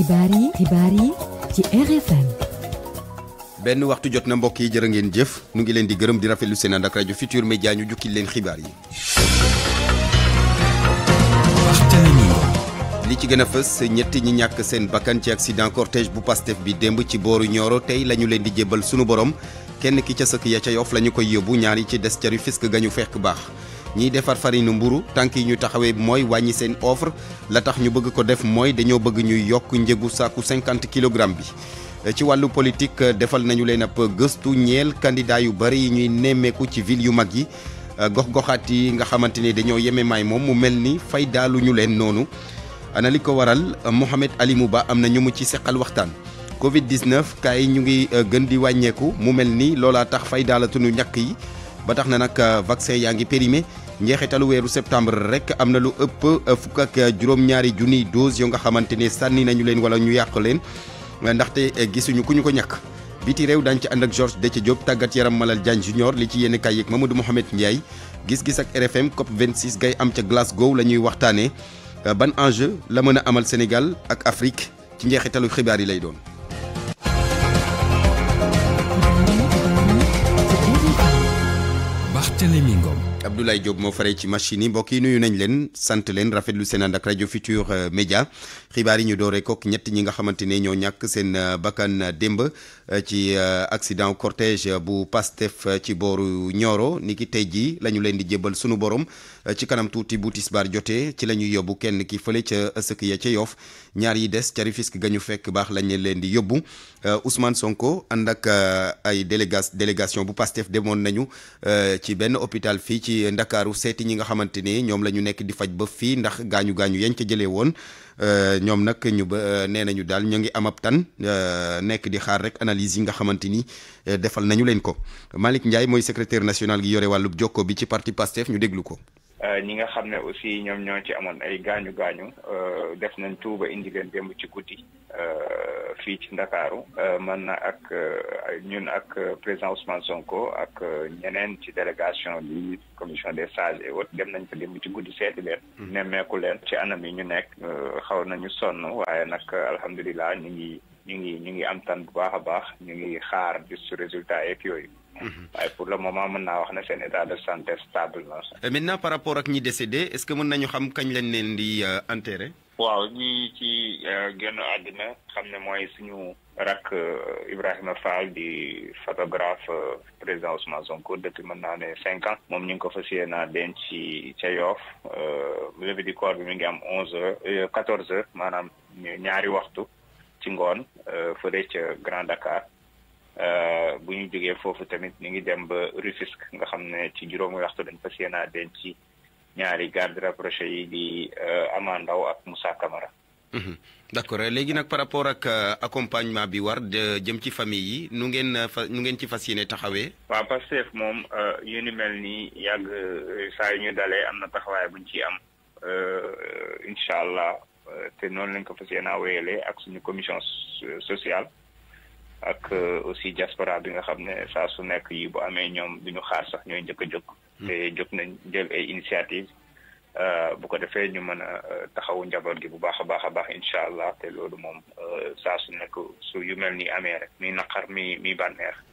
xibaar yi xibaar yi ci RFM benn waxtu jot na mbokk yi jërë ngeen jëf nu ngi leen di gërëm di rafetlu seen ànd ak rajo Futur Media ñu jukki leen xibaar yi li ci gën a fës ñett ñi ñàkk seen bakkan ci accident cortège bu Pastef bi démb ci booru Nioro tey lañu ñu leen di jébal sunu borom kenn ki ca sëkk ya ca yof la ñu koy yóbbu ñaar yi ci des ca Rufisque gañu fekk baax ñiy defar farine mburu tànk yi ñu taxawee mooy wàññi seen offre la tax ñu bëgg ko def mooy dañoo bëgg ñu yokk njëgu saaku 50 kilogramme bi ci wàllu politique defal nañu leen ab gëstu ñeel candidat yu bari yi ñuy nemmeeku ci ville yu mag yi gox-goxaat yi nga xamante ni dañoo yeme maay moom mu mel ni fay daaluñu leen noonu ana li ko waral Mouhamed Alimou Ba am na ñu mu ci seqal waxtaan Covid 19 cas yi ñu ngi euh, gën di wàññeeku mu mel ni loolaa tax fay daalatuñu ñàkk yi ba tax na nag euh, vaccin yaa ngi périmé njeexitalu weeru septembre rek am na lu ëpp euh, fukk ak euh, juróom-ñaari junniy yoo nga xamante ne sànni nañu leen wala ñu yàq leen euh, ndaxte gisuñu ku ñu ko ñàkk. biti réew daañu ci ànd ak de Déthié Diop tàggat yaram Malal Diagne junior li ci yenn kay yeeg Mamadou Mohamed njaay gis-gis ak RFM COP 26 gay am ca Glasgow la ñuy waxtaanee ban enjeu la mën a amal senegal ak Afrique ci njeexitalu xibaar yi lay doon. Barthélémy Abdoulaye Diop mo faree ci machine yi yi nuyu nañ leen sant leen rafetlu seen ànd Future Media, Futur euh, media xibaar yi ñu dooree kook ñet ñi nga euh, euh, ci accident cortège bu Pastef ci boru Nioro Niki ki tey jii leen di jébal suñu borom ci kanam tuuti bu tisbaar ci kenn ki feulé ci ya ñaar yi des Charifisk Rufisque Bah fekk baax lañu leen di yobbu Ousmane Sonko andak ay délégation bu Pastef demon nañu ci ben hôpital ci ndakaaru seeti ñi nga xamante ni ñoom la ñu nekk di faj ba fii ndax gaañu gaañu yañ ca jëlee woon euh, ñoom nag ñu ba euh, nee nañu daal ñu ngi amab tan euh, nekk di xaar rek analyse yi nga xamante ni defal nañu leen ko Malick Ndiaye mooy secrétaire national gi yore wàllub jokko bi ci parti Pastef ñu déglu ko. Euh, ñi nga xam ne aussi ñoom ñoo ci amoon ay gaañu gaañu euh, def nañ tuuba indi leen démb ci guddi euh, fii ci Ndakaaru man na ak ñun ak président Ousmane Sonko ak ñeneen ci délégation bi commission de sages et dem nañ fa démb ci guddi seeti leen mm-hmm. nemmeeku leen ci anam yi ñu nekk xaw nañu sonn waaye nag alhamdulilah ñu ngi ñu ngi ñu ngi am tan bu baax a baax ñu ngi xaar juste résultat yeeg yooyu Mm-hmm. waaye pour le moment mën naa wax na seen état de santé stable na. maintenant par rapport ak ñi décédé est-ce que mën nañu xam kañ lañ leen di euh, enterré. waaw ñi ci euh, génn àddina xam ne mooy suñu rak euh, Ibrahima Fall di photographe président Ousmane Sonko depuis mën naa ne cinq moom ñu ngi ko fas yéenaa denc ci ca Yoff levée du corps bi mi ngi am onze heures quatorze heures maanaam ñaari waxtu ci ngoon fële ca Grand Dakar. bu ñu jógee foofu tamit ñu ngi dem ba Rufisque nga xam ne ci juróomi waxtu dañ fas yéene denc ci ñaari garde rapproché yi di euh, Ama Ndaw ak Moussa Camara. Mhm. d' accord léegi nag par rapport ak euh, accompagnement bi war jëm ci famille yi nu ngeen euh, fa nu ngeen ci fas yéene taxawee. waaw Pastef moom yu ni mel nii yàgg saa yu ñu dalee am na taxawaay buñ ciy am incha allah te noonu lañ ko fas yéene wéyalee ak suñu commission sociale. ak euh, aussi diaspora bi nga xam ne saa su nekk yi bu amee ñoom du ñu xaar sax ñooy njëkk a jóg. Hmm. te jóg nañ jël ay initiative euh, bu ko defee ñu mën a euh, taxawu njaboot gi bu baax a baax a baax incha allah te loolu moom saa su nekk su yu mel ni amee rek mi naqar mi mi bànneex.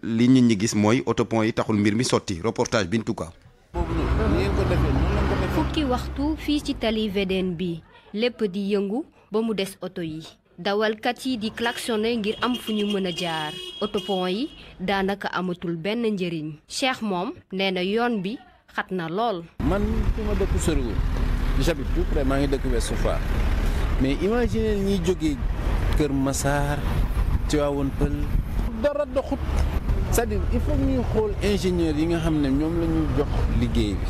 li nit ñi gis moy auto autopont yi taxul mbir mi soti reportage bi en tout cas. fukki waxtu fi ci tali VDN bi lepp di yëngu ba mu dess auto yi. dawal kat yi di klaxonné ngir am fu ñu mën a jaar autopont yi daanaka amatul ben njëriñ Cheikh mom neena yoon bi xatna lol man fi dekk dëkk soriwul j'habite tout près ma ngi dekk Ouest Foire mais imagine ñiy joggé keur Massar Tivaouane peul dara doxut c'est-à-dire ñuy xool ingénieur yi nga xam ne ñoom la jox liggéey bi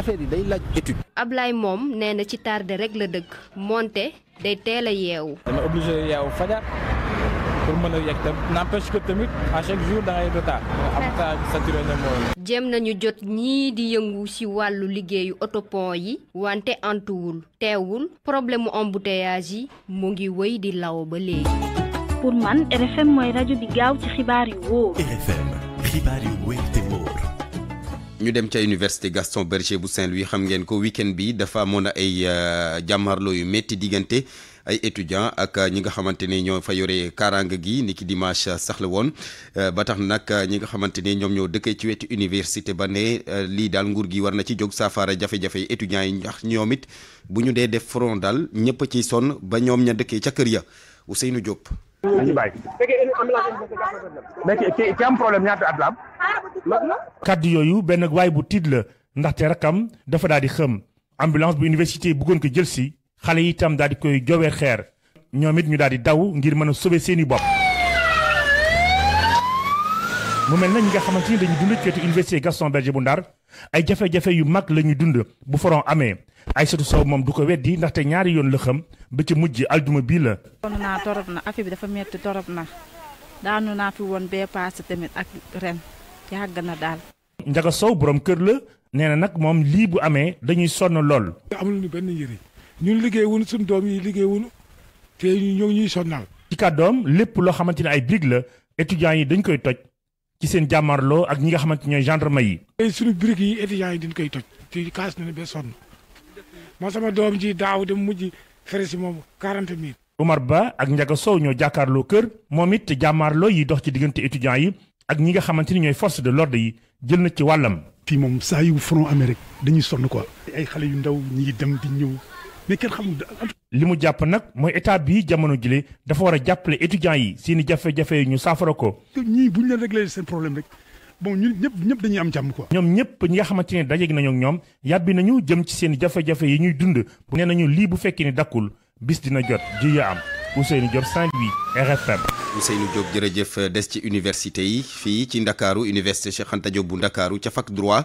affaire yi day laaj étude. Ablaye moom nee na ci tardé rekk la dëkk moonte day teel a yeewu. dama obligé yeewu fajar pour mën a yegg tam n'empêche que tamit à chaque jour da ngay retard. am retard saturé na mooy. jéem nañu jot ñii di yëngu ci wàllu liggéeyu otopon yi wante antuwul teewul problème mu embouteillage yi mu ngi wëy di law ba léegi. RFM mooy rajo bi gaaw ci xibaar yu wóor. ñu dem ca université Gaston Berger bu Saint-Louis xam ngeen ko week-end bi dafa amoon ay euh, jàmmarloo yu métti diggante. ay étudiants ak euh, ñi nga xamante ni ñoo fa yore kaaraange gi ni ki dimanche sax la woon euh, ba nag ñi nga xamante ni ñoom ñoo dëkkee ci wetu université ba ne lii daal nguur gi war na ci jóg saafara jafe-jafe étudiants yi ndax ñoom it bu ñu dee def front daal ñëpp ci sonn ba ñoom ña dëkkee ca kër ya u seenu Diop. dañu bàyyi. fekkee kàddu yooyu benn waay bu tiit la ndaxte rakkam dafa daal di xëm. ambulance bu université bëggoon ko jël si xale yi itam daal di koy joowee xeer. ñoomit ñu daal di daw ngir mën a sauver seeni bopp. mu mel na ñi nga xamante ni dañu dund université Gaston Berger bu Ndar. ay jafe-jafe yu mag la ñu dund bu foron amee Aïssatou Sow moom du ko weddi ndaxte ñaari yoon la xam ba ci mujj aljuma bii la. sonn naa torop na affaire bi dafa na daanu naa fi woon bee paase tamit ak ren yàgg na daal. Njaga Sow borom kër la nee na nag moom lii bu amee dañuy sonn lool. amul ñu benn njëriñ ñun liggéey wuñu suñu doom yi liggéey wuñu te ñoo ñuy sonnal. ci kàddoom lépp loo xamante ay birig la étudiants yi dañ koy toj. ci seen jàmmarloo ak ñi nga xamante ñooy gendarme yi. suñu briques yi étudiants yi dañ koy toj fii kaas nañu ba sonn moo sama doom ji daaw dem mujj fere si moom quarante mille. Umar Ba ak Ndiaga Sow ñoo jàkkaarloo kër moom it jàmmaarloo yi dox ci diggante étudiants yi ak ñi nga xamante ni ñooy force de l'ordre yi jël na ci wàllam. fii moom saa yu front amérique dañuy sonn quoi. ay xale yu ndaw ñi dem di ñëw. mais kenn xamul li mu jàpp nag mooy état bii jamono jile dafa war a jàppale étudiants yi seeni jafe-jafe yi ñu saafara ko. ñii bu ñu leen réglé seen problème rek bon ñun ñëpp ñëpp dañuy am jàmm quoi. ñoom ñëpp ñi xamante ne dajeeg nañu ñoom yàbbi nañu jëm ci seen jafe-jafe yi ñuy dund. nee nañu lii bu fekkee ne dakkul bis dina jot ji ya am Ousseynou Diop Saint-Louis RFM. Ousseynou Diop jërëjëf des ci université yi fii ci Ndakaaru université Cheikh Anta Diop bu Ndakaaru ca fac droit.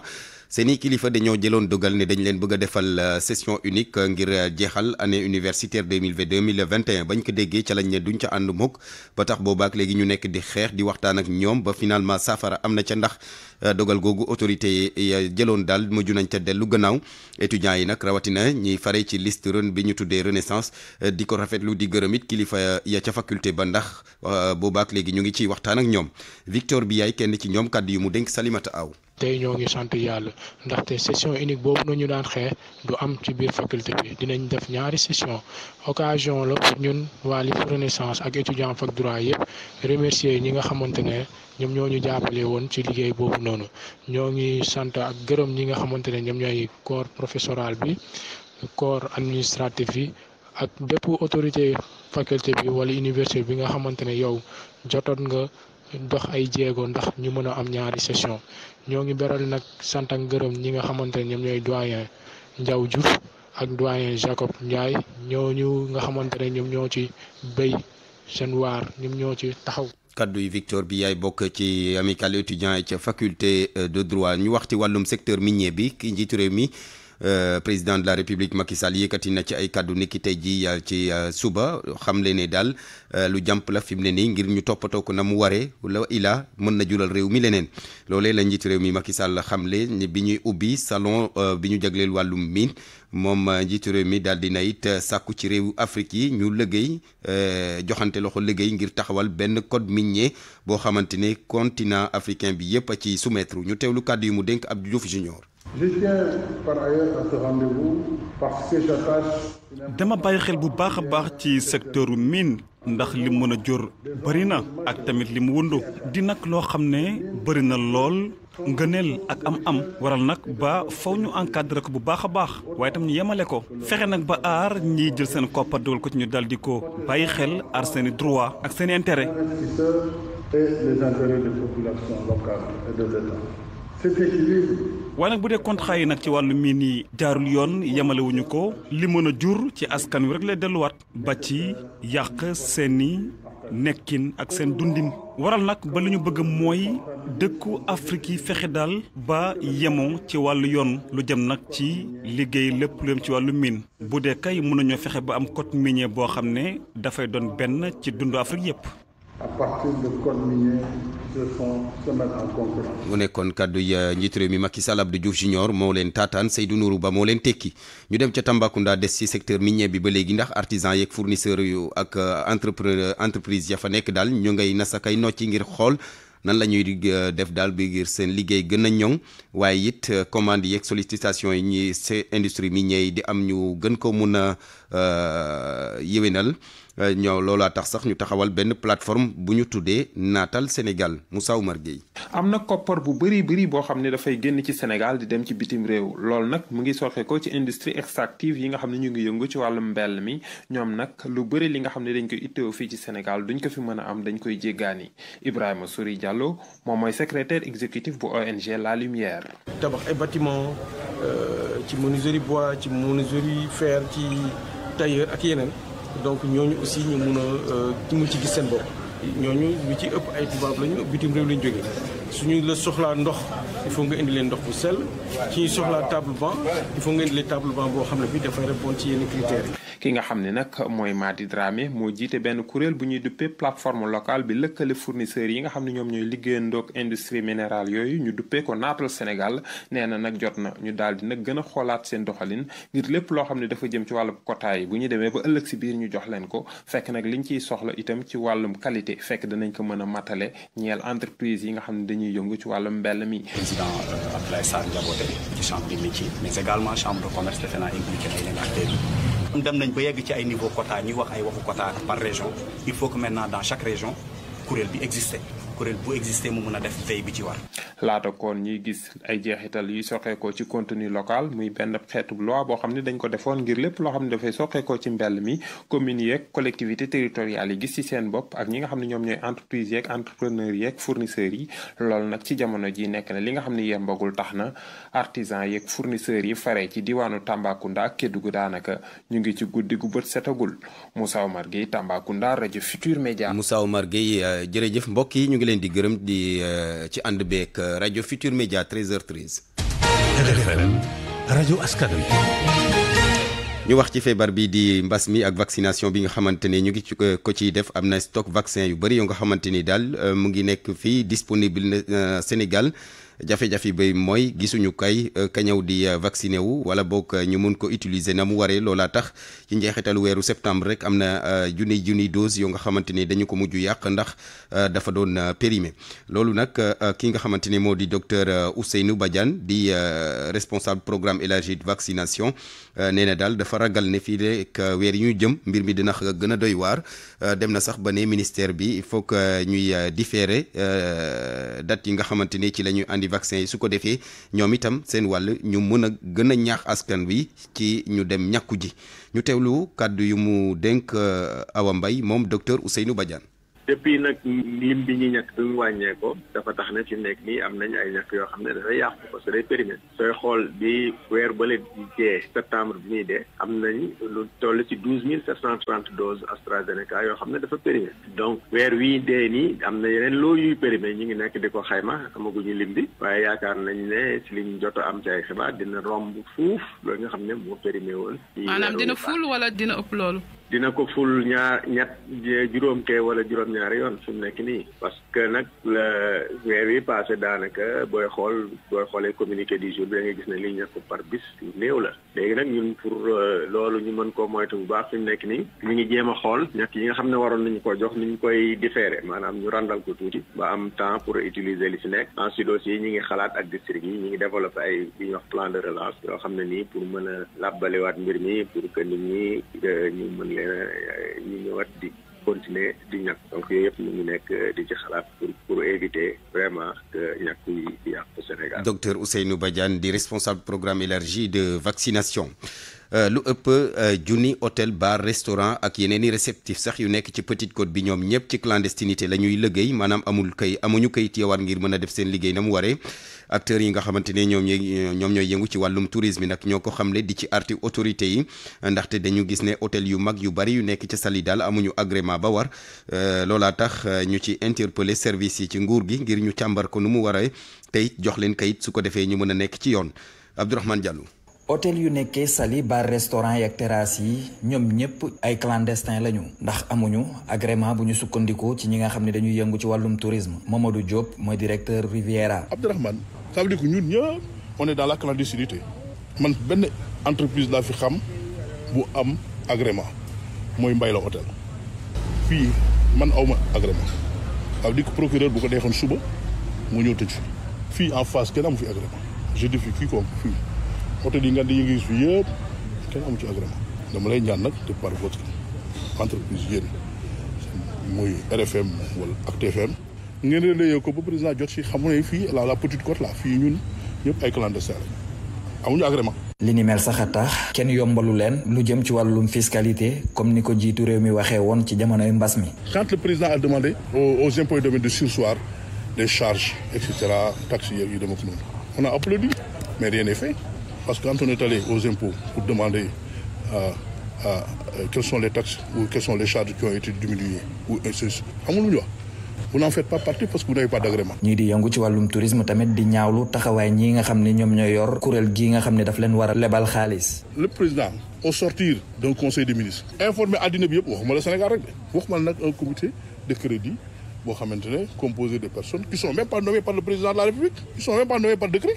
seeni kilifa dañoo jëloon dogal ne dañ leen bëgg a defal euh, session unique euh, ngir euh, jeexal année universitaire 2020 2021 bañ ko déggee ca lañ ne duñ ca ànd mukk ba tax boobaak léegi ñu nekk di xeex di waxtaan ak ñoom ba finalement saafara am na ca ndax dogal googu autorité yi jëloon daal mujj nañ ca dellu gannaaw étudiants yi nag rawatina ñiy fare ci liste ren bi ñu tuddee renaissance di ko rafetlu di gërëm it kilifa ya ca faculté ba ndax boobaak léegi ñu ngi ciy waxtaan ak ñoom Victor Biaye kenn ci ñoom kàddu yu mu dénk Salimata Aw tey ñoo ngi sant yàlla ndaxte session unique boobu nañu daan xeex du am ci biir faculté bi dinañ def ñaari session occasion la pour ñun waa Ligue Renaissance ak étudiant fac droit yëpp remercier ñi nga xamante ne ñoom ñoo ñu jàppale woon ci liggéey boobu noonu ñoo ngi sant ak gërëm ñi nga xamante ne ñoom ñooy corps professoral bi corps administratif yi ak bépp autorité faculté bi wala université bi nga xamante ne yow jotoon nga dox ay jéego ndax ñu mën a am ñaari session ñoo ngi beral nag sant ak ngërëm ñi nga xamante ne ñoom ñooy doyen Ndiaw Diouf ak doyen Jacob Ndiaye ñooñu nga xamante ne ñoom ñoo ci béy seen waar ñoom ñoo ci taxaw. kaddu yi Victor bi yaay bokk ci amicale étudiant yi ca faculté de droit ñu wax ci wàllum secteur minier bi ki njiitu réew mi. Euh, président de la république Macky Sall yëkkati na ci ay kàddu niki euh, ci euh, suba xam le ne lu jamp la fi mu ne ngir ñu topato ko na waré wala ila mën na jural rew mi leneen la mi Macky Sall ni biñuy salon biñu ñu walu min mom moom rew mi daal di na it sàkku ci rew Afrique yi ñu liggéey joxante loxo ngir taxawal ben code continent africain bi yépp ci soumettre ñu tewlu mu denk Abdou Diouf Junior dama bàyyi xel bu baax a baax ci secteuru miin ndax li mën a jur bëri na ak tamit li mu wundu di nag loo xam ne bëri na lool ngëneel ak am-am waral nag ba faw ñu encadré ko bu baax a baax waaye tam ñu yemale ko fexe nag ba aar ñiy jël seen koppar dugal ko ci ñu dal di ko bàyyi xel aar seeni i droit ak seen i waaye nag bu dee contrat yi nag ci wàllu miin yi jaarul yoon yemalewuñu ko li mën a jur ci askan wi rek lay delluwaat ba ci yàq seeni nekkin ak seen dundin waral nag ba li ñu bëgg mooy dëkku Afrique yi fexe daal ba yemoo ci wàllu yoon lu jëm nag ci liggéey lépp lu yem ci wàllu miin bu dee kay mën nañoo fexe ba am code minier boo xam ne dafay doon benn ci dundu Afrique yépp à partir de code minier de son en concurrence. mu nekkoon kaddu yi euh, njiit réew mi Macky Sall Abdou Diouf Junior moo leen taataan Seydou Nourou Ba moo leen tekki ñu dem ca Tambacounda des ci secteur minier bi ba léegi ndax artisan yeeg fournisseur yu ak euh, entrepreneur entreprise ya fa nekk daal ñu ngay nasakay nocci ngir xool. nan la ñuy euh, def daal bi ngir seen liggéey gën a ñoŋ waaye it commande yeeg sollicitation yi ñi industrie minier yi di am ñu gën ko mun a yéwénal Euh, ñoo loolaa tax sax ñu taxawal benn plateforme bu ñu tuddee naatal Sénégal Moussa Oumar Gueye. am na koppar bu bëri bëri boo xam ne dafay génn ci Sénégal di dem ci bitim réew loolu nag mu ngi soxe ko ci industrie extractive yi nga xam ne ñu ngi yëngu ci wàllum mbell mi ñoom nag lu bëri li nga xam ne dañ koy itteewu fii ci Sénégal duñ ko fi mën a am dañ koy jéggaani Ibrahima Souri Diallo moom mooy secrétaire exécutif bu ONG La Lumière. tabax ay bâtiment euh, ci menuiserie bois ci menuiserie fer ci tailleur donc ñooñu aussi ñu mun a euh, mu ci gis seen bopp. ñooñu ñu ci ëpp ay tubaab lañu bitim réew lañu jógee suñu la soxlaa ndox il faut nga indi leen ndox bu sell ci soxlaa table banc il faut nga indi leen table banc boo xam ne bi dafay répondre ci yenn critères yi. ki nga xam ne nag mooy Madi Dramé moo jiite benn kuréel bu ñuy duppee plateforme locale bi lëkkale fournisseur yi nga xam ne ñoom ñooy liggéeyandoog industrie minérale yooyu ñu duppee ko Naatal Sénégal nee na nag jot na ñu daal di nag gën a xoolaat seen doxalin ngir lépp loo xam ne dafa jëm ci wàllu kotaay bu ñu demee ba ëllëg si biir ñu jox leen ko fekk nag liñ ciy soxla itam ci wàllum qualité fekk danañ ko mën a matale ñeel entreprise yi nga xam ne dañuy yëngu ci wàllum mbell mi. président euh, Abdoulaye Sarr Ndiabote ci chambre des métiers mais également chambre dem nañ ba yegg ci ay niveau quota ñuy wax ay waxu quota par région il faut que maintenant dans chaque région kuréel bi exister kuréel bu existé mu mën a def veille bi ci war laata kon ñuy gis ay jeexital yi soxeekoo ci contenu local muy benn xeetu loi boo xam ne dañ ko defoon ngir lépp loo xam ne dafay soxeekoo ci mbell mi commune yeeg collectivité territoriale yi gis ci seen bopp ak ñi nga xam ne ñoom entreprise yeeg entrepreneur yeeg fournisseurs yi loolu nag ci jamono ji nekk na li nga xam yembagul tax artisan yeeg fournisseurs yi fare ci diwaanu Tambacounda ak Kédougou daanaka ñu ngi ci guddi gu bët setagul Moussa Omar Gueye Tambacounda rajo Futur Media Moussa Omar Gueye jërëjëf mbokk yi ñu ngi leen di gërëm di euh, ci ànd euh, rajo Futur Média 13 rajo askan ñu wax ci feebar bi di mbas mi ak vaccination bi nga xamante ne ñu ngi ci euh, ko ciy def am na stock vaccin yu bëri yoo nga xamante ni daal mu ngi nekk fii disponible na Sénégal. jafé jafé bay moy gisunu kay euh, kañaw di euh, vacciné wu wala bok euh, ñu mun ko utiliser na mu waree loola tax ci wéru septembre rek amna juni juni dose yoo nga xamanteni dañu ko muju yak ndax dafa don périmé loolu nak ki nga xamanteni modi docteur Ousseynou Badiane di responsable programme élargi de vaccination nee dal daal dafa ragal né fi rek weer yi jëm mbir mi dina gëna doy war dem na sax ba ministère bi il faut que ñuy différer date yi nga xamanteni ci lañuy andi vaccin yi su ko defee ñoom itam seen wàll ñu mën a gën a ñaax askan wi ci ñu dem ñàkku ji ñu teewlu kàddu yu mu dénk euh, Awa mbay moom docteur Ousseynou Badiane depuis nag lim bi ñu ñàkk bi mu wàññeekoo dafa tax na fi mu nekk nii am nañ ay ñàkk yoo xam ne dafa yàqu parce que day périmé sooy xool bi weer bële di dee septembre bi muy dee am nañ lu toll ci douze mille sept cent trente doses AstraZeneca yoo xam ne dafa périmé donc weer wii dee nii am na yeneen loo yuy périmé ñu ngi nekk di ko xayma amaguñu lim bi waaye yaakaar nañ ne ci liñ jot am ci ay xibaar dina romb fuuf loolu nga xam ne moo périmé woon. maanaam dina ful ëpp loolu. dina ko ful ñaar ñett juróom ke wala juróom ñaari yoon fu mu nekk nii parce que nag le weer yi passé daanaka booy xool booy xoolee communiqué du jour bi da ngay gis ne li ñàkk par bis lu néew la léegi nag ñun pour euh, loolu ñu mën ko moytu bu baax fu mu nekk nii ñu ngi jéem a xool ñett yi nga xam ne waroon nañu ko jox niñ koy différé maanaam ñu randal ko tuuti ba am temps pour utiliser li fi nekk ensuite aussi ñi ngi xalaat ak district yi ñi ngi développé ay li ñuy wax plan de relance yoo xam ne nii pour mën a làbbaliwaat mbir mi pour que nit ñi euh, ñu mën Euh, ñu ñëwaat di continuer di ñàkk donc yooyu yëpp ñu ngi nekk euh, di ci xalaat pour pour éviter vraiment que ñàkk yi di yàq Sénégal. Docteur Ousseynou Badiane di responsable programme élargi de vaccination. Euh, lu ëpp euh, junni hôtel bar restaurant ak yeneen i réceptif sax yu nekk ci Petite code bi ñoom ñëpp ci clandestinité la ñuy liggéey maanaam amul kay amuñu kayit yeewaat ngir mën a def seen liggéey na mu waree acteurs yi nga xamante ne ñoom ñoom ñooy yëngu ci wàllum tourisme yi nag ñoo ko xam ne di ci arti autorité yi ndaxte dañu gis ne hôtel yu mag yu bari yu nekk ca Saly daal amuñu agrément ba war euh, loolaa tax ñu ci interpeller service yi ci nguur gi ngir ñu càmbar ko nu mu waree tey jox leen kayit su ko defee ñu mën a nekk ci yoon Abdourahmane Diallo Hotel yu Salib, sali bar restaurant yak terrasse yi ñom ñëpp ay clandestin lañu ndax amuñu agrément buñu sukkandiko ci ñi nga xamni dañuy yëngu ci walum tourisme Mamadou Diop moy directeur Riviera. abdourahman ça veut dire que ñun ñëpp on est dans la clandestinité man benn entreprise la fi xam bu am agrément moy mbay la hôtel fi man awma agrément ça veut dire que procureur bu ko déxon suba mu ñëw fi fii en face kenn fi agrément je défie quiconque fi oto yi nga di yëngu su yëpp kenn amu ci agrément dama lay ñaan nag de par votre entreprise yéen muy RFM wala ak TFM ngeen relayé ko ba président jot si xamu ne fii la la petite côte la fii ñun ñëpp ay clandestin la amuñu agrément li ni mel sax a tax kenn yombalu leen lu jëm ci wàllum fiscalité comme ni ko jiitu réew mi waxee woon ci jamonoy mbas mi quand le président a demandé aux impôts et domaines de sursoir des charges et cetera taxes yeeg yu dema ko noonu on a applaudi mais rien n'est fait parce que quand on est allé aux impôts pour demander euh, euh, euh, quelles sont les taxes ou quelles sont les charges qui ont été diminuées ou ainsi vous n'en faites pas partie parce que vous n'avez pas d'agrément. Ni di yëngu ci walum tourisme tamit di ñaawlu taxaway ñi nga xam ñom ñoy yor kurel gi nga xam daf leen war lebal le président au sortir d'un conseil des ministres informé Adine bi yëpp waxuma le Sénégal rek waxuma nak un comité de crédit bo composé de personnes qui sont même pas nommées par le président de la République qui sont même pas nommées par décret.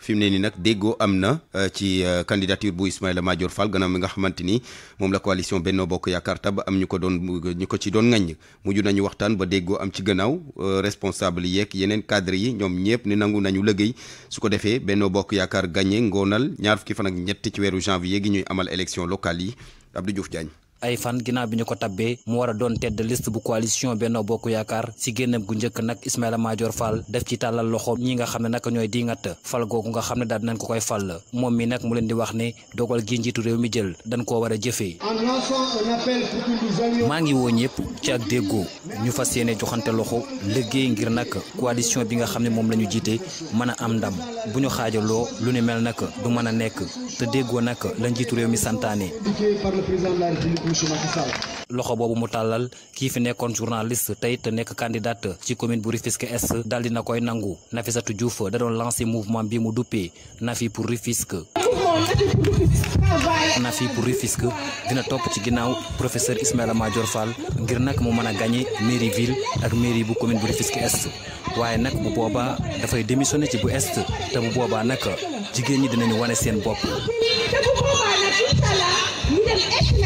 fi mu ne nii nag déggoo am na euh, ci euh, candidature bu Ismaïla Madior Fall gannaaw mi nga xamante ni moom la coalition Benno Bokk Yaakaar tab am ñu ko doon ñu ko ci doon ŋaññ mujj nañu waxtaan ba déggoo am ci gannaaw euh, responsable yeeg yeneen cadre yi ñoom ñëpp ni nangu nañu léggéey su ko defee Benno Bokk Yaakaar gagné ngoonal ñaar fukki fan ak ñett ci weeru janvier gi ñuy amal élection locale yi Abdou Diouf Diagne. ay fan ginaaw bi ñu ko tabbee mu war a doon tedd list bu coalition Benno Bokk Yaakaar si génnam gu njëkk nag Ismaïla Madior Fall def ci tàllal loxo ñi nga xam ne naka ñooy di ngatt fal googu nga xam ne daal dinañ ko koy fal moom mi nag mu leen di wax ne dogal gi njiitu réew mi jël dañ ko war a jëfee maa ngi woo ñëpp ci ak déggoo ñu fas yéene joxante loxo liggéey ngir nag coalition bi nga xam ne moom la jiite mën a am ndam bu ñu xaajaloo lu ni mel nag du mën a nekk te déggoo nag la njiitu réew mi santaane loxo boobu mu tàllal kii fi nekkoon journaliste tey te nekk candidate ci commune bu Rufisque Est daal dina koy nangu Nafisatou Diouf da doon lancé mouvement bi mu duppee Nafi pour Rufisque. Nafi pour Rufisque dina topp ci ginnaaw professeur Ismaïla Madior Fall ngir nag mu mën a gagné mairie ville ak mairie bu commune bu Rufisque Est waaye nag bu boobaa dafay démissionné ci bu Est te bu boobaa nag jigéen ñi dinañu wane seen bopp. ci échec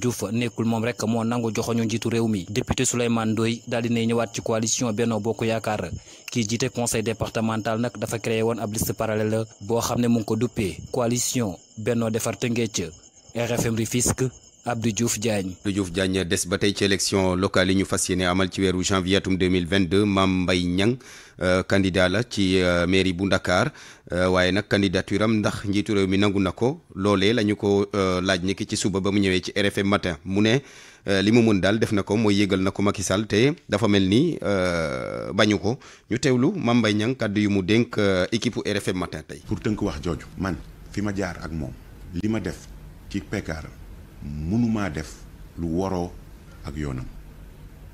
Diouf nekkul moom rek moo nangu joxoñu njiitu réew mi député Souleymane Ndoye daal di ne ñëwaat ci coalition Benno Bokk Yaakaar kii jiite conseil départemental nag dafa créé woon ab liste parallèle boo xam ne mu ngi ko duppee coalition Benno Defar Tëngéej RFM Rufisque Abdou Diouf Diagne. Abdou Diouf Diagne des ba tey ci élection locale yi ñu fas yéene amal ci weeru janvier atum 2022 Mame Mbaye Niang euh, candidat la ci euh, mairie bu Ndakaar euh, waaye nag candidature am ndax njiitu réew mi nangu na ko loolee la ñu ko laaj ni ki ci suba ba mu ñëwee ci RFM matin mu ne li mu mën daal def na ko mooy yëgal na ko Macky Sall te dafa mel ni bañu ko ñu teewlu Mame Mbaye Niang kàddu yu mu dénk équipe RFM matin tey. pour tënk wax jooju man fi ma jaar ak moom li ma def ci Pekar. mënumaa def lu woro ak yonam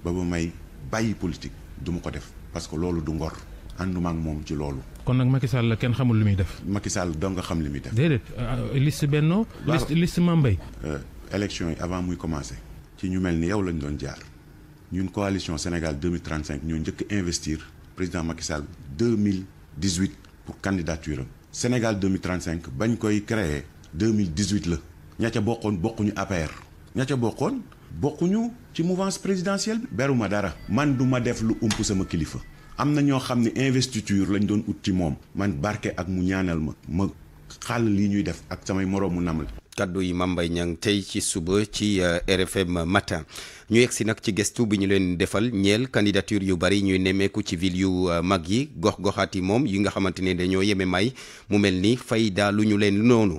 ba may bàyyi politique du ko def parce que lolu du ngor ànduma ak mom ci lolu kon nak Macky Sall xamul limi def. Macky Sall nga xam limi def. dedet euh, liste Benno. liste liste Mambay. Euh, élection avant muy commencer ci ñu melni ni yow lañ doon jaar ñun coalition Sénégal 2035 ñu njëkk investir président Macky Sall 2018 pour candidature Sénégal 2035 bañ koy créer 2018 la. ña ca bokkoon bokkuñu APR ña ca bokkoon bokkuñu ci mouvance présidentielle beruma dara man duma def lu ump sama kilifa am na ñoo xam ne investiture lañ doon ut ci moom man barke ak mu ñaanal ma ma xal li ñuy def ak samay moroomu namal kaddu yi Mame Mbaye Niang tey ci suba ci euh, RFM matin ñu yegsi nag ci gëstu bi ñu leen defal ñeel candidature yu bari ñuy nemmeeku ci ville yu euh, mag yi gox goxaat yi moom yi nga xamante ne dañoo yeme may mu mel ni fay daalu leen noonu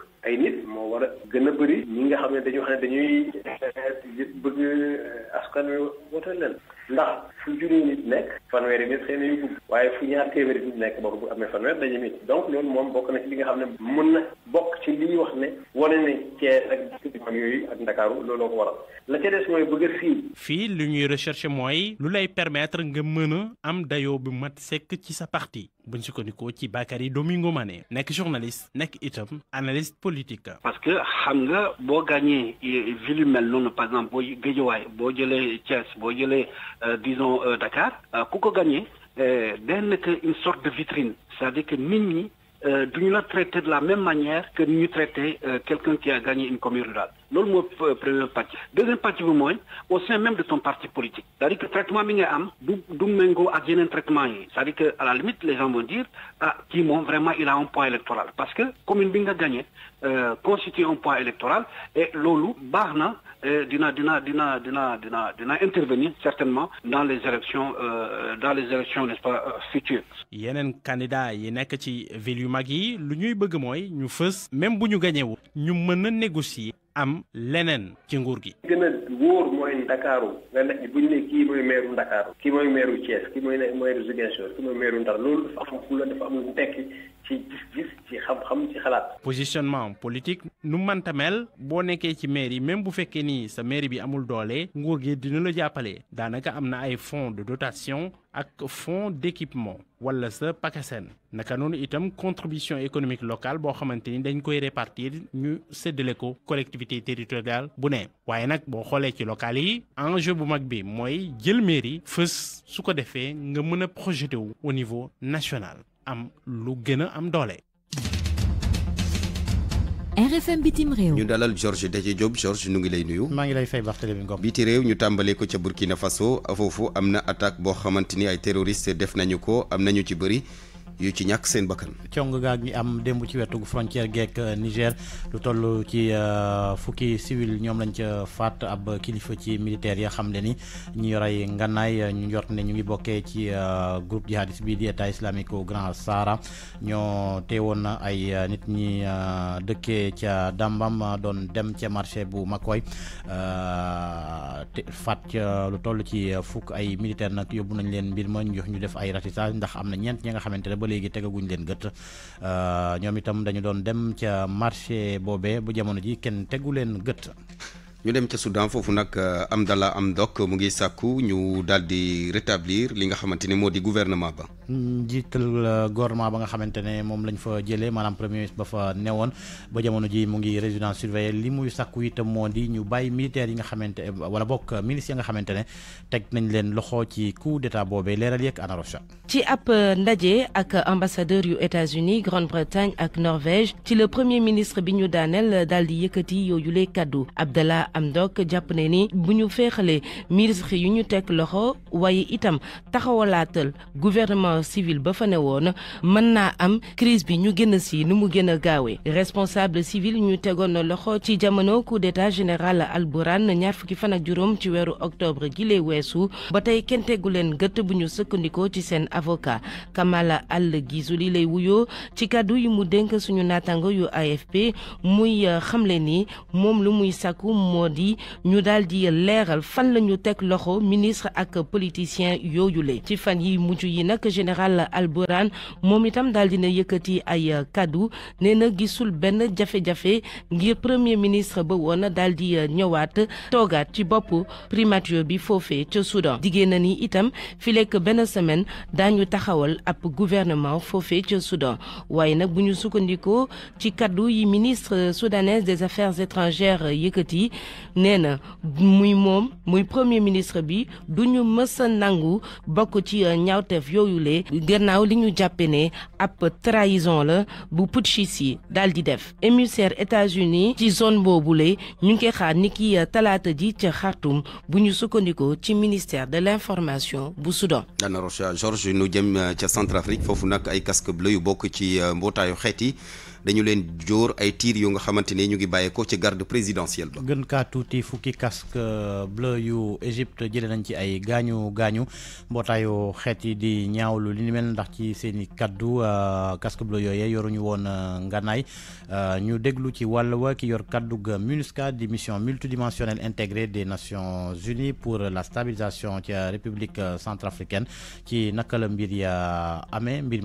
ay nit moo war a gën a bëri ñi nga xam ne dañu xam ne dañuy eh, bëgg eh, askan wi woote leen ndax fu juróomi nit nekk fanweeri mi xëy na yu gudd waaye fu ñaar téeméeri nit nekk boo bu amee fanweer dañu mit donc loolu moom bokk na ci li nga xam ne mën na bokk ci li wax ne wane ne Thiès ak man yooyu ak Ndakaaru looloo ko waral la ca des mooy bëgg a siiw. fii li ñuy recherche mooy lu lay permettre nga mën a am dayoo bu mat sekk ci sa parti buñ sukkandikoo ci Bakary Domingo Mané nekk journaliste nekk itam analyste politique. parce que xam nga boo gagné ville yu mel noonu par exemple boo Guédiawaye boo jëlee Thiès boo jëlee. Euh, disons euh, Dakar à euh, Gagner, gagné une sorte de vitrine c'est-à-dire que Mimi, nous la traité de la même manière que nous traiter quelqu'un qui a gagné une commune rurale loolu moo premier partie deuxième partie bi mooy au sein même de ton parti politique c'est-à-dire que traitement bi ngay am du du méngoo ak yeneen traitement yi c'est-à-dire que à la limite les gens vont dire ah kii moom vraiment il a un poids électoral parce que commune bi nga gagné euh, constitue un poids électoral et loolu baax na euh, dina dina dina dina dina dina intervenir certainement dans les élections euh, dans les élections n'est-ce pas futures yeneen candidat yi nekk ci ville yu mag yi lu ñuy bëgg mooy ñu fës même bu ñu gagné wu ñu mën a négocier am leneen ci nguur gi. gën a wóor mooy Ndakaaru nga ne bu ñu ne kii mooy meeru Ndakaaru kii mooy meeru Thiès kii mooy meeru Ziguinchor loolu dafa am fu dafa am lu ci gis-gis ci xam-xam ci xalaat. positionnement politique nu manta mel boo nekkee ci mairie même bu fekkee ni sa mairie bi amul doole nguur gi dina la jàppale daanaka am na ay fonds de dotation. ak fonds d'équipement wala sa pakaseen naka noonu itam contribution économique locale boo xamante ni dañ koy répartir ñu séddale ko collectivité territoriale bu ne waaye nag boo xoolee ci local yi enjeu bu mag bi mooy jël mairie fës su ko defee nga mën a projeté wu au niveau national am lu gën a am doole. RFM bitim réew. ñu dalal Georges Déthié Diop Georges ñu ngi lay nuyu. maa ngi lay fay Barthélémy Ngom. biti réew ñu tàmbalee ko ca Burkina Faso foofu am na attaque boo xamante ni ay terroristes def nañu ko am nañu ci bëri. yu ci ñàkk seen bakkan. cong gaag ñi am démb ci wetu frontière geek euh, Niger lu toll ci euh, fukki civil ñoom lañ ca faat ab kilifa ci militaire ya xam le ni ñu yoray ngannaay euh, ñu njort ne ñu ngi bokkee ci groupe jihadiste bi di état islamique au Grand Sahara ñoo na ay nit ñi dëkkee ca Dambam doon dem ca marché bu Makoy faat ca lu toll ci fukk ay militaire nag yóbbu nañ leen mbir ma ñu def ay ratissage ndax am na ñeent ñi nga xamante ne léegi tegaguñu leen gët euh, ñoom itam dañu doon dem ca marché boobee bu jamono ji kenn tegu leen gët. ñu dem ca Soudan foofu nag euh, am dala am Hamdok mu ngi sàkku ñu daal di rétablir li nga xamante ni moo di gouvernement ba. njiital euh, gouvernement ba nga xamantene mom lañ fa jëlé manam premier ministre ba fa newoon ba jamono ji mu ngi résidence surveillée li muy sàkku itam modi ñu bàyyi militaire yi nga xamantene wala bokk ministre yi nga xamantene ne nañ leen loxo ci coup d'état boobee leeral yeeg anarocha ci ab euh, ndaje ak ambassadeur yu États-Unis Grande-Bretagne ak Norvège ci le premier ministre bi ñu daaneel daal yëkëti yoyu yooyule cadeau Abdallah Hamdok japp ne ni bu ñu ministre yu ñu teg loxo waye itam taxawalatal gouvernement aviation civile ba fa ne woon mën naa am crise bi ñu génn si ni mu gën a gaawee responsable civil ñu tegoon loxo ci jamono coup d'état général Alburaan ñaar fukki fan ak juróom ci weeru octobre gilee weesu ba tey kenn tegu leen gët bu ñu sëkkandikoo ci seen avocat Kamala Al Ghazouali lay wuyo ci kàddu yi mu dénk suñu naataango yu AFP muy euh, xamle ni moom lu muy sàkku moo di ñu daal di leeral fan la ñu teg loxo ministre ak politicien yooyule ci fan yi mujj général Alboran momitam itam dina yëkëti ay cadeau euh, néna gisul Ben jafe-jafe ngir premier ministre ba Daldi d'Aldi di euh, ñëwaat togaat ci bop primature bi fofé ci Soudan digé na ni itam filek ben semaine dañu taxawal ap gouvernement fofé ci Soudan way nag buñu sukkandiko ci yi ministre soudanais des affaires étrangères yëkëti néna muy mom muy premier ministre bi duñu mës nangou nangu bokk ci euh, jàppale gannaaw li ñu jàppe ne ab trahison la bu putchi yi daal di def émissaire États-Unis ci zone boobule ñu ngi xaar ni ki talaata ji ca Khartoum bu ñu sukkandikoo ci ministère de l'information bu Soudan. Dana Rocha George ñu jëm euh, ca Centrafrique foofu nag ay casque bleu yu bokk ci euh, mbootaayu xeet yi dañu leen jóor ay nga ñu ngi garde présidentielle ba. gën fukki casque euh, bleu Égypte nañ ci ay di ñaawlu li ni mel euh, casque bleu yor mission multidimensionnelle intégrée des Nations Unies pour la stabilisation la République euh, centrafricaine ci naka la mbir ya mbir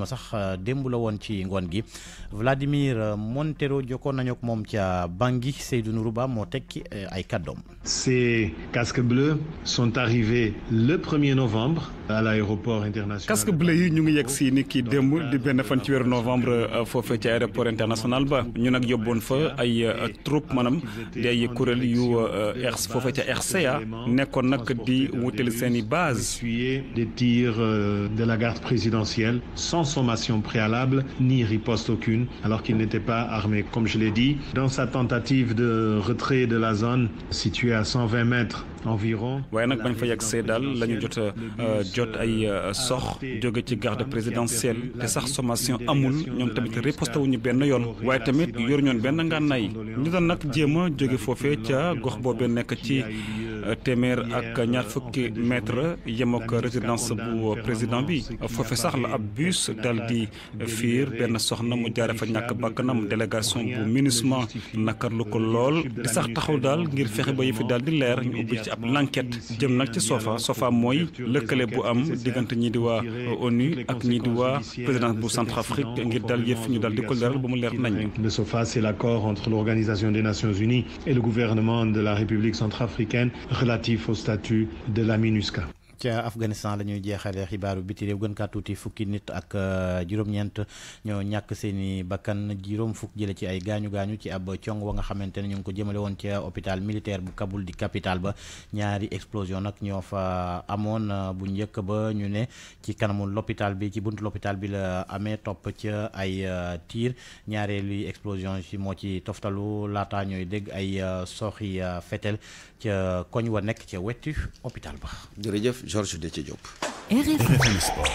Vladimir. Montero jokkoon nañu ak moom ca Bangui Seydou tekki eh, ay kaddom Ces casques bleus sont arrivés le 1er novembre à l'aéroport international. casque bleu yi ñu ngi yegg si ni ki dem di ben fan ci novembre à eh, ci aéroport international ba ñu nag yóbboon fa ay eh, troupe manam di kurel yu RC fofé ca RCA nekkoon nak di wutali seen base des tirs de la garde présidentielle sans sommation préalable ni riposte aucune alors qu'il n'était pas armé, comme je l'ai dit. Dans sa tentative de retrait de la zone située à 120 mètres environ waaye nak bañ fa yegg see daal la jot euh, jot ay euh, sox jóge ci garde présidentielle té sax sommation amul ñom tamit riposte wuñu ben yoon waaye tamit yor ñoon benn ngànnaay ñu doon nak jéem a fofé foofee ca gox boobee nekk ci euh, témèr ak ñaar fukki mètre yemok résidence bu président bi fofé sax la ab bus dal di fiir ben soxna mu jaare fa ñak bakkanam délégation bu MINUSMA nakarlu ko lool di sax taxaw dal ngir fexé ba yëfi daal di leer ñu ubbi ci L'enquête de SOFA SOFA le bu am ONU ak ñi di Centrafrique Le SOFA c'est l'accord entre l'organisation des Nations Unies et le gouvernement de la République centrafricaine relatif au statut de la MINUSCA. Afghanistan la ñuy jeexalee xibaaru biti rew gën ka tuti fukki nit ak euh, juroom ñent ñoo ñàkk seeni bakkan juroom fuk jël ci ay gañu gañu ci ab ciong wa nga xamantene ñu ko jëmale woon ca hôpital militaire bu Kabul di capital ba ñaari explosion nak ñoo fa amoon euh, bu njëkk ba ñu ne ci kanamu l'hôpital bi ci buntu l'hôpital bi la amé top ci ay tir euh, tiir luy explosion ci mo ci toftalu laata ñoy dégg ay soxi fetel ci koñ wa nek ci wetu hôpital ba jërëjëf Georges Déthié Diop. RFM Sport.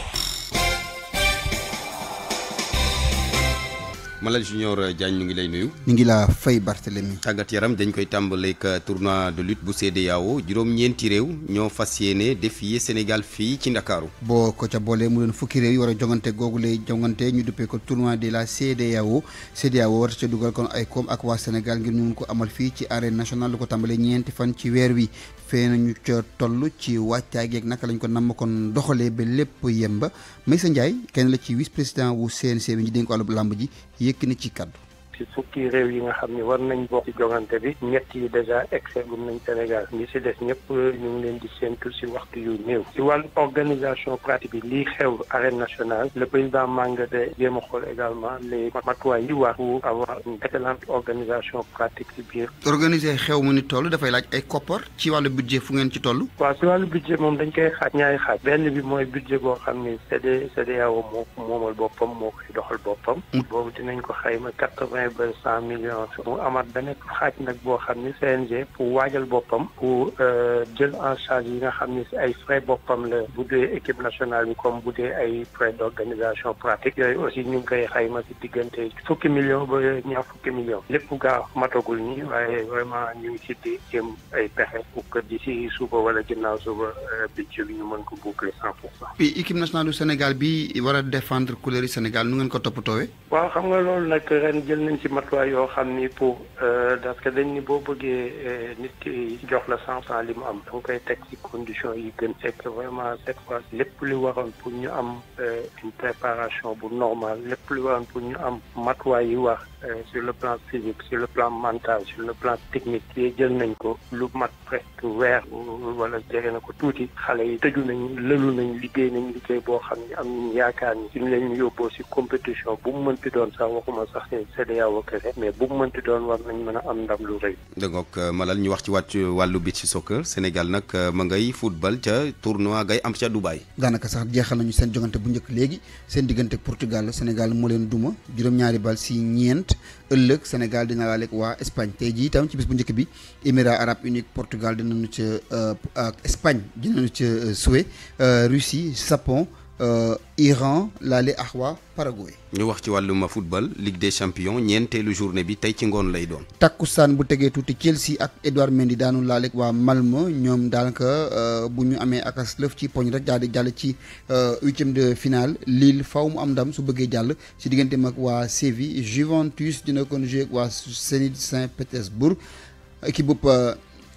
Malal Junior Diagne ñu ngi lay nuyu. mu ngi laa fay Barthélémy. tàggat yaram dañ koy tàmbaleeg tournoi de lutte bu CEDEAO juróom-ñeenti réew ñoo fas yéene défier Sénégal fii ci Ndakaaru. boo ko ca boolee mu doon fukki réew yi war jongante googu lay jongante ñu duppee ko tournoi de la CEDEAO CEDEAO war ca dugal kon ay koom ak waa Sénégal ngir ñu mun ko amal fii ci arène nationale lu ko tàmbalee ñeenti fan ci weer wi fee nañu ca toll ci wàccaay geeg naka lañ ko namm kon doxalee ba lépp yemba Maysa Ndiaye kenn la ci wis président wu seen bi ñu dénk ko àllub làmb ji yëkk na ci kàddu ci fukki réew yi nga xam ni war nañ bokk ci jongante bi ñett yi dèjà excès gum nañ Sénégal ngi si des ñëpp ñu ngi leen di séentu si waxtu yu néew si wàllu organisation pratique bi lii xew arène nationale le président Manga de jéem a xool également les matuwaay yi war pour avoir une excellente organisation pratique si biir. organiser xew mu ni toll dafay laaj ay koppar ci wàllu budget fu ngeen ci toll. waaw si wàllu budget moom dañ koy xaaj ñaari xaaj benn bi mooy budget boo xam ni CD CEDEAO moo moomal boppam moo koy doxal boppam. boobu dinañ ko xayma bëree bëri cent millions mu amaat xaaj nag boo xam ni CNG pour waajal boppam pour euh, jël en charge yi nga xam ni si ay frais boppam la bu dee équipe nationale bi comme bu dee ay frais d'organisation pratique yooyu ñu ngi koy xayma si diggante fukki million ba ñaar fukki millions lépp gaa matagul nii waaye vraiment ñu ngi si jëm ay pexe pour que d'ici suba wala ginnaaw suba euh, budget bi ñu mën ko boucler cent pour cent. puis équipe nationale du Sénégal bi war a défendre couleur yi Sénégal nu ngeen ko toppatoowee. waaw xam nga loolu nag ren jël nañ ci matuwaay yoo xam ni pour euh, parce que dañ ni boo bëggee euh, nit ki jox la cent francs li mu am da koy teg ci conditions yi gën c'est vraiment cette fois lépp li waroon pour ñu am euh, une préparation bu normal lépp li waroon pour ñu am matuwaay yi wax Eh, sur le plan physique sur le plan mental sur le plan technique yi jël nañ ko lu mat presque weer wala jege na ko tuuti xale yi tëju nañ lëlu nañ liggéey nañ liggéey boo xam ni am nañ yaakaar ni suñ leen yóbboo si compétition bu mu mënti doon sax waxuma sax CDAO kese mais bu mu mënti doon war a euh, soccer Sénégal nag euh, ma football ca tournoi gay am Dubai daanaka sax jeexal nañu seen jogante bu njëkk léegi Portugal Sénégal moo duma juróom ñaari bal si Égypte ëllëg Sénégal dina lekk waa Espagne tey jii itam ci bis bu njëkk bi Émirats arabes unique Portugal dinañu ca euh, ak Espagne dinañu ca euh, Suède euh, Russie Japon. Euh, Iran laale Ahwa Paraguay. ñu wax ci wàllum football Ligue des champions ñeenteelu journée bi tey ci ngoon lay doon. takkusaan bu tegee tuuti Chelsea ak Edouard Mendy daanu laaleeg Malmo ñoom daanaka euh, bu ñu amee akas lëf ci poñ rek daal di jàll ci euh, huitième de finale Lille faw mu am ndam su bëggee jàll Séville Juventus dina kon joué Saint-Pétersbourg équipe bopp.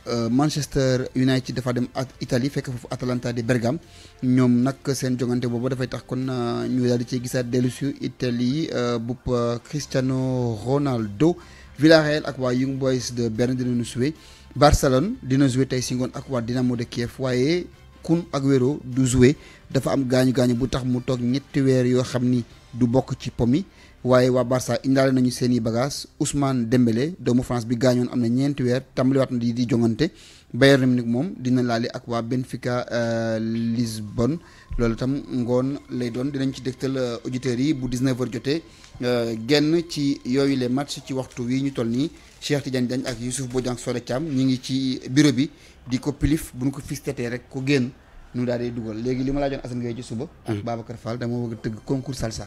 Euh, Manchester United dafa dem ak Italie fekk foofu Atalanta di Bergame ñoom nag seen jongante boobu dafay tax kon euh, ñu daal di cee gisaat dellusi Italie euh, bu Cristiano Ronaldo Villarreal ak waa Young Boys de Berne dinañu suwe Barcelone dina joué tey si ngoon ak waa Dinamo de Kiev waaye kun ak wéro du joué dafa am gaañu gaañu bu tax mu toog ñetti weer yoo xam ni du bokk ci pomi waye wa Barça indaale nañu seni i bagage Ousmane Dembélé doomu France bi gañon amna ñent ñeenti weer wat di di jongante Bayern Munich mom dina laali ak wa Benfica euh, Lisbonne loolu tam ngon lay doon dinañ ci dektal euh, auditeur yi bu 19h euh genn ci yoyu les matchs ci waxtu wi ñu tolni Cheikh Tidiane Diagne ak Youssouf Bodiang sore cham ñi ngi ci bureau bi di ko pilif bu ñu ko fistété rek ko genn nu daalé duggal légui lima la joon Assane Gueye ci suba. ak mmh. Babacar Fall dama bëgg teug concours salsa.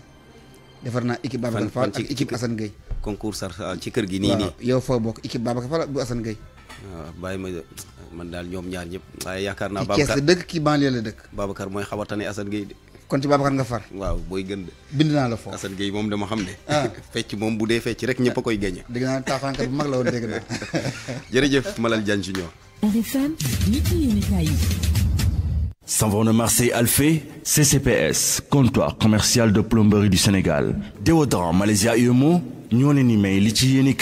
defar naa équipe Babacar Fall ak équipe Assane Gueye concours sar euh, ci kër gi nii nii yow foo bokk équipe Babacar Fall bu Assane Gueye waaw ah, bàyyi ma man daal ñoom ñaar ñëpp waaye yaakaar naa Babacar mooy xaw a tane de kon ci Babacar nga far waaw booy gën de bind naa la foofu Assane Gueye moom dama xam ne ah. fecc moom bu dee fecc rek ñëpp a koy gañe dégg naa taafaanka bu mag la woon dégg naa jërëjëf Malal Diagne Junior RFM de marseille Alphée, CCPS, comptoir commercial de plomberie du Sénégal. déodorant Malaysia IOMO, Nyon Nimei, di may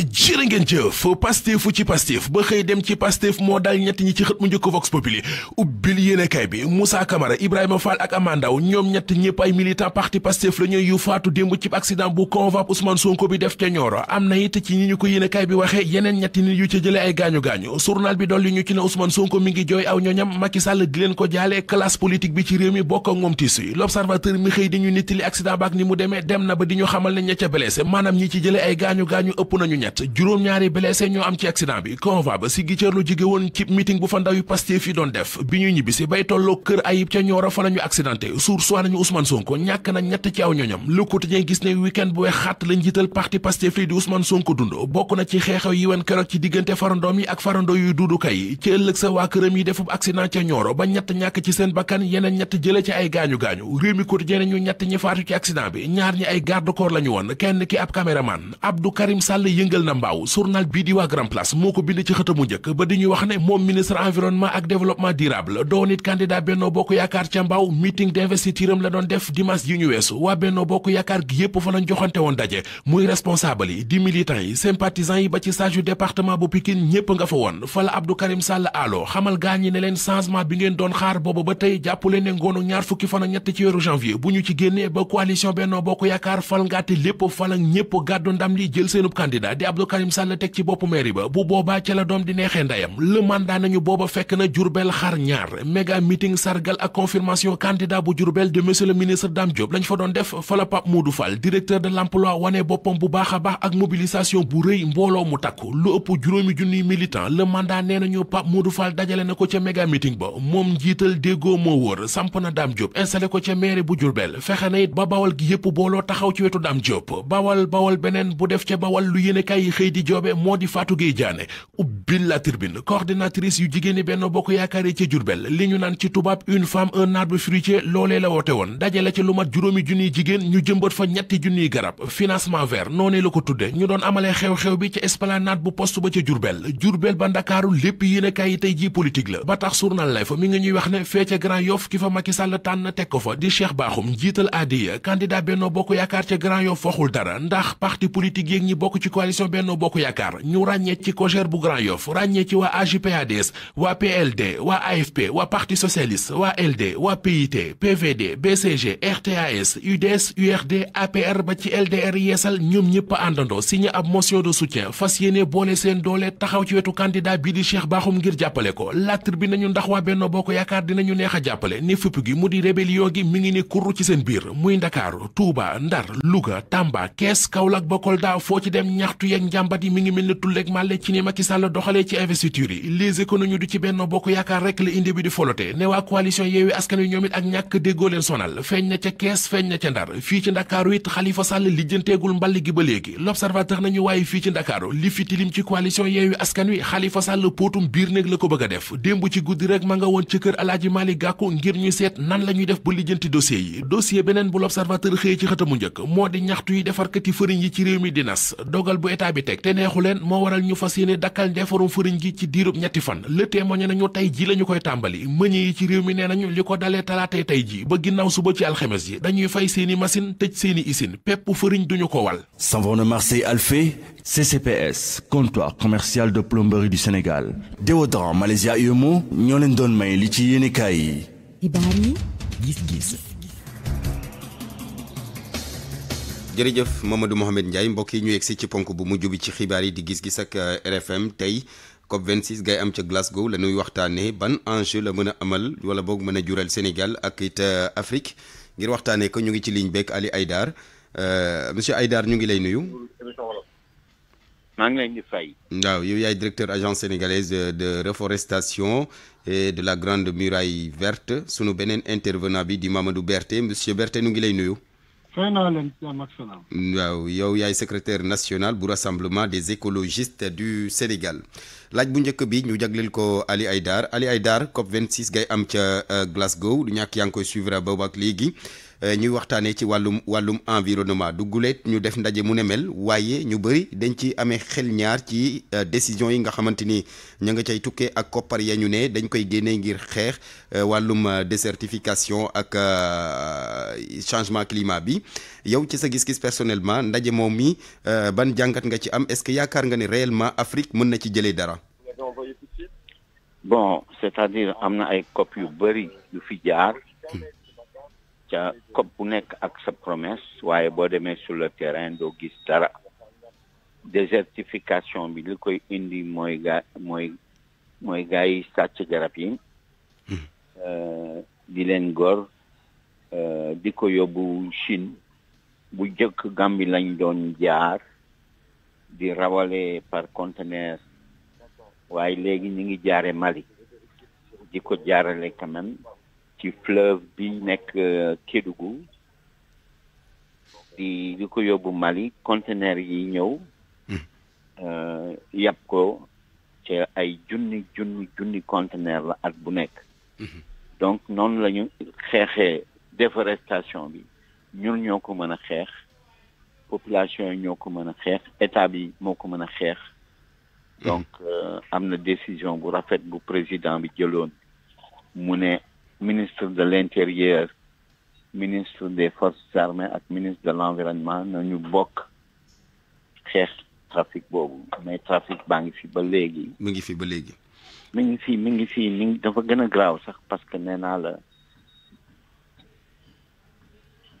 jërë jëf pastefu ci pastef ba xëy dem ci pastef moo dal ñett ñi ci xët mu njëkk vox populi ubbil yéenekaay bi Moussa Camara Ibrahima Fall ak amandaw ñoom ñett ñëpp ay militant parti pastef la yu faatu démb ci accident bu convoi Ousmane Sonko bi def ca am na it ci ñi ñu ko yéenekaay bi waxee yeneen ñetti nit yu ca jële ay gaañu-gaañu journal bi dolli ñu ci ne Ousmane Sonko mi ngi jooy aw ñoñam Macky di leen ko jaale classe politique juróom-ñaari blessé ñoo am ci accident bi convoi ba si gicéer lu jige woon ci meeting bu fa ndaw yu Pastef yi doon def bi ñuy ñibbisi bay tolloo kër ayib ca ñooro fa la ñu accidenté suur soi nañu Ousmane Sonko ñàkk na ñett ci aw ñoñam Le Quotidien gis ne week-end bu weex xaat la njiital parti Pastef li di Ousmane Sonko dund bokk na ci xeexew yi wen keroog ci diggante farandoom yi ak farando yu duuduka yi ci ëllëg sa waa këram yi defub accident bi yëngal na mbaaw journal di waa Grand Place moo ko bind ci xëtamu njëkk ba di ñuy wax ne moom ministre environnement ak développement durable doon it candidat Benno Bokk Yaakaar ca mbaaw meeting d'investiture la doon def dimanche ji ñu weesu waa Benno Bokk Yaakaar gi yépp fa joxante woon daje muy responsable yi di militants yi sympathisants yi ba ci sage yu bu Pikine ñépp nga fa woon fa la Karim Sall alo xamal gaa ñi ne leen changement bi ngeen doon di Abdou Karim Sall teg ci boppu mairie ba bu boobaa ca la doom di neexee ndayam le mandat nañu booba fekk na Jurbel xar ñaar méga meeting sargal ak confirmation candidat bu Jurbel de monsieur le ministre Dame Diop fa doon def fa la Pape Modou Fall directeur de l'emploi wane boppam bu baax a baax ak mobilisation bu rëy mbooloo mu takku lu ëpp juróomi junniy militant le nee nañu Pape Modou Fall dajale na ko ca méga meeting ba moom njiital déggoo ko ca mairie bu Jurbel fexe na it ba bawal gi yëpp booloo taxaw ci wetu Dame Diop kaay yi xëy di joobe moo di Fatou Gueye Diané ubbil la tribune coordinatrice yu jigéeni benn bokk yaakaar yi ci Jurbel li ñu naan ci tubaab une femme un arbre fruitier loolee la woote woon dajale ci lu mat juróomi junniy jigéen ñu jëmbat fa ñetti junniy garab financement vert noonee la ko tudde ñu doon amalee xew-xew bi ci esplanade bu poste ba ca Jurbel Jurbel ba Ndakaaru lépp yéene kaay yi tey jii politique la ba tax journal lay fa mi nga ñuy wax ne fee ca Grand Yoff ki fa Macky Sall tànn teg ko fa di Cheikh Bakhoum njiital ADIA candidat Benno Bokk Yaakaar ca Grand Yoff waxul dara ndax parti politique yeeg ñi bokk ci coalition coalition Benno Bokk Yaakaar ñu ràññee ci COJER bu Grand Yoff ràññee ci waa AJ/PADS waa PLD waa AFP waa parti socialiste waa LD waa PIT PVD BCG RTAS UDS URD APR ba ci LDR yeesal ñoom ñëpp àndandoo signé ab motion de soutien fas yéene boole seen doole taxaw ci wetu candidat bi di Cheikh baaxum ngir jàppale ko lattre bi nañu ndax waa Benno Bokk Yaakaar dinañu neex a jàppale ni fupp gi mu di rébellion gi mi ngi ni kurru ci seen biir muy Ndakaaru Touba Ndar Louga Tamba yeeg njàmbat yi mi ngi mel ne tulleeg màlle ci ni Macky Sall doxalee ci investiture yi les économies du ci Benno Bokk Yaakaar rek la indi bi di ne waa coalition Yewwi Askan Wi ñoom it ak ñàkk déggoo leen sonal feeñ na ca Kees feeñ na ca Ndar fii ci Ndakaaru it Khalifa Sall lijjanteegul mball gi ba léegi l'observateur nañu waaye fii ci Ndakaaru li fi tilim ci coalition Yewwi Askan Wi Khalifa Sall póotum biir néeg la ko bëgg a def démb ci guddi rek ma nga woon ci kër Alaaji Malick Gakou ngir ñu seet nan la ñuy def ba lijjanti dossier yi dossier beneen bu l'observateur xëy ci xëtamu njëkk moo di ñaxtu yi defarkati fëriñ yi ci réew mi di nas dogal bu état bi te neexu leen moo waral ñu fas yéene dakkal ndeefarum fëriñ gi ci diirub ñetti fan le témoigné nañu tey ji la ñu koy tàmbali mëñe yi ci réew mi nee nañu li ko dalee talaatay tey ji ba ginnaaw suba ci alxemes yi dañuy fay seeni machine tëj seeni usine pepp fëriñ duñu ko wal savon de Marseille Alphé CCPS comptoir commercial de plomberie du Sénégal déodorant Malaysia Uomo ñoo leen doon may li ci yéenekaay yi. yi jërëjëf Mamadou Mohamed Ndiaye mbokk yi ñu yegsi ci ponk bu mujj bi ci xibaar yi di gis-gis ak euh, RFM tey COP 26 gay am ca Glasgow la nuy waxtaanee ban enjeu la mën a amal wala boog mën a jural Sénégal ak it euh, Afrique ngir waxtaanee ko ñu ngi ci ligne beeg Ali Aydar euh, monsieur Aydar ñu ngi lay nuyu. maa ngi leen di fay. waaw yow yaay directeur agence sénégalaise de reforestation et de la grande muraille verte sunu beneen intervenant bi di Mamadou Berté monsieur Berté ñu ngi lay nuyu fay naa leen waaw yow yaay secrétaire national bu rassemblement des écologistes du Sénégal laaj bu njëkk bi ñu jagleel ko Ali aydar Ali aydar COP 26 gay am ca euh, Glasgow du ñàkk yaa ngi koy suivre boobu ak léegi. Euh, ñuy environnement. ci walum walum environnement du guleet ñu def ndaje mu ne mel ñu nous dañ ci xel ñaar euh, décision yi nga ya ñu dañ koy ngir euh, changement climat bi yow ci sa gis personnellement ndaje mi ban am ce que nga réellement Afrique ci dara. bon c'est-à-dire amna ay COP yu fi hmm. ca COP bu nekk ak sa promesse waaye boo demee sur le terrain doo gis dara désertification bi li koy indi mooy gaa mooy mooy gaa yi sàcc garab yi hmm. euh, di leen gor euh, di ko yóbbu Chine bu jëkk Gàmbi lañ doon jaar di rawale par conteneur waaye léegi ñu ngi jaare Mali di ko jaarale quand ci fleuve bi nekk euh, Kédougou di di ko yóbbu Mali conteneur yi hmm. euh yàpp ko ci ay junni junni junni conteneur la at bu nek hmm. donc non la ñu déforestation bi ñun ñoko mëna xex population ñoko mëna xex état bi moko mëna xex hmm. donc euh, am décision bu rafet bu président bi jëlone mu ne ministre de l'intérieur ministre des forces armées ak ministre de l'environnement nañu bokk xeex trafic boobu mais trafic baa ngi fi ba léegi. mi ngi fi ba léegi. mi ngi fi mi ngi fi mi dafa gën a graaw sax parce que nee naa la.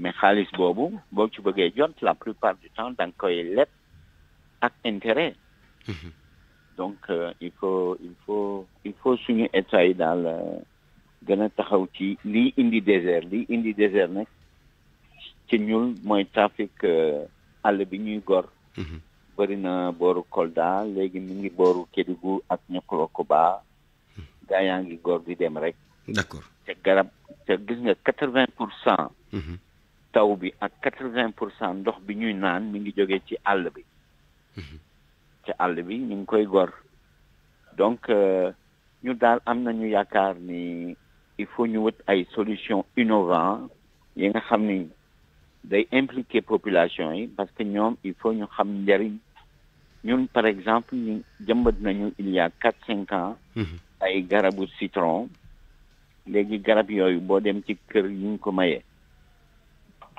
mais xaalis bobu boo ci bëggee jot la plupart du temps da nga koy ak intérêt mhm. donc euh, il faut il faut il faut suñu état dans daal euh, gën taxaw ci li indi désert li indi désert nag ci ñul moy trafic euh, àll bi ñuy gor mhm. bari na boru Kolda légui mu ngi booru ak Niokolo-Koba mhm. gaa yaa gor di dem rek d'accord te garab te gis nga 80% taw bi ak 80% vingt ndox bi ñuy naan mi ngi jógee ci àll bi mhm. ci àll bi ñu ngi koy gor donc euh, ñu daal am nañu yaakaar ni il faut ñu wut ay solution innovant yi nga xam ni day impliquer population yi parce que ñoom il faut ñu xam njëriñ ñun par exemple ñu jëmbat nañu il y a 4-5 ans mhm. ay garabu citron léegi garab yooyu boo dem ci kër yi ñu ko mayee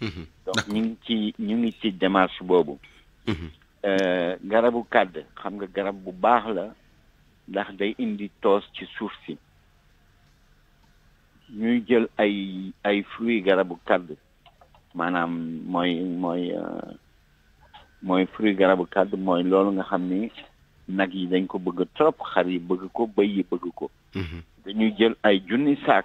Mm-hmm. donc ñu ngi ci ñu ngi ci démarche boobu mm-hmm. euh, garabu kàdd xam nga garab bu baax la ndax day indi toos ci suuf si ñuy jël ay ay fruits garabu kàdd maanaam mooy mooy euh, mooy fruit garabu kàdd mooy loolu nga xam ni nag yi dañ ko bëgg trop xar yi bëgg ko bëy yi bëgg ko mm-hmm. dañuy jël ay junni saak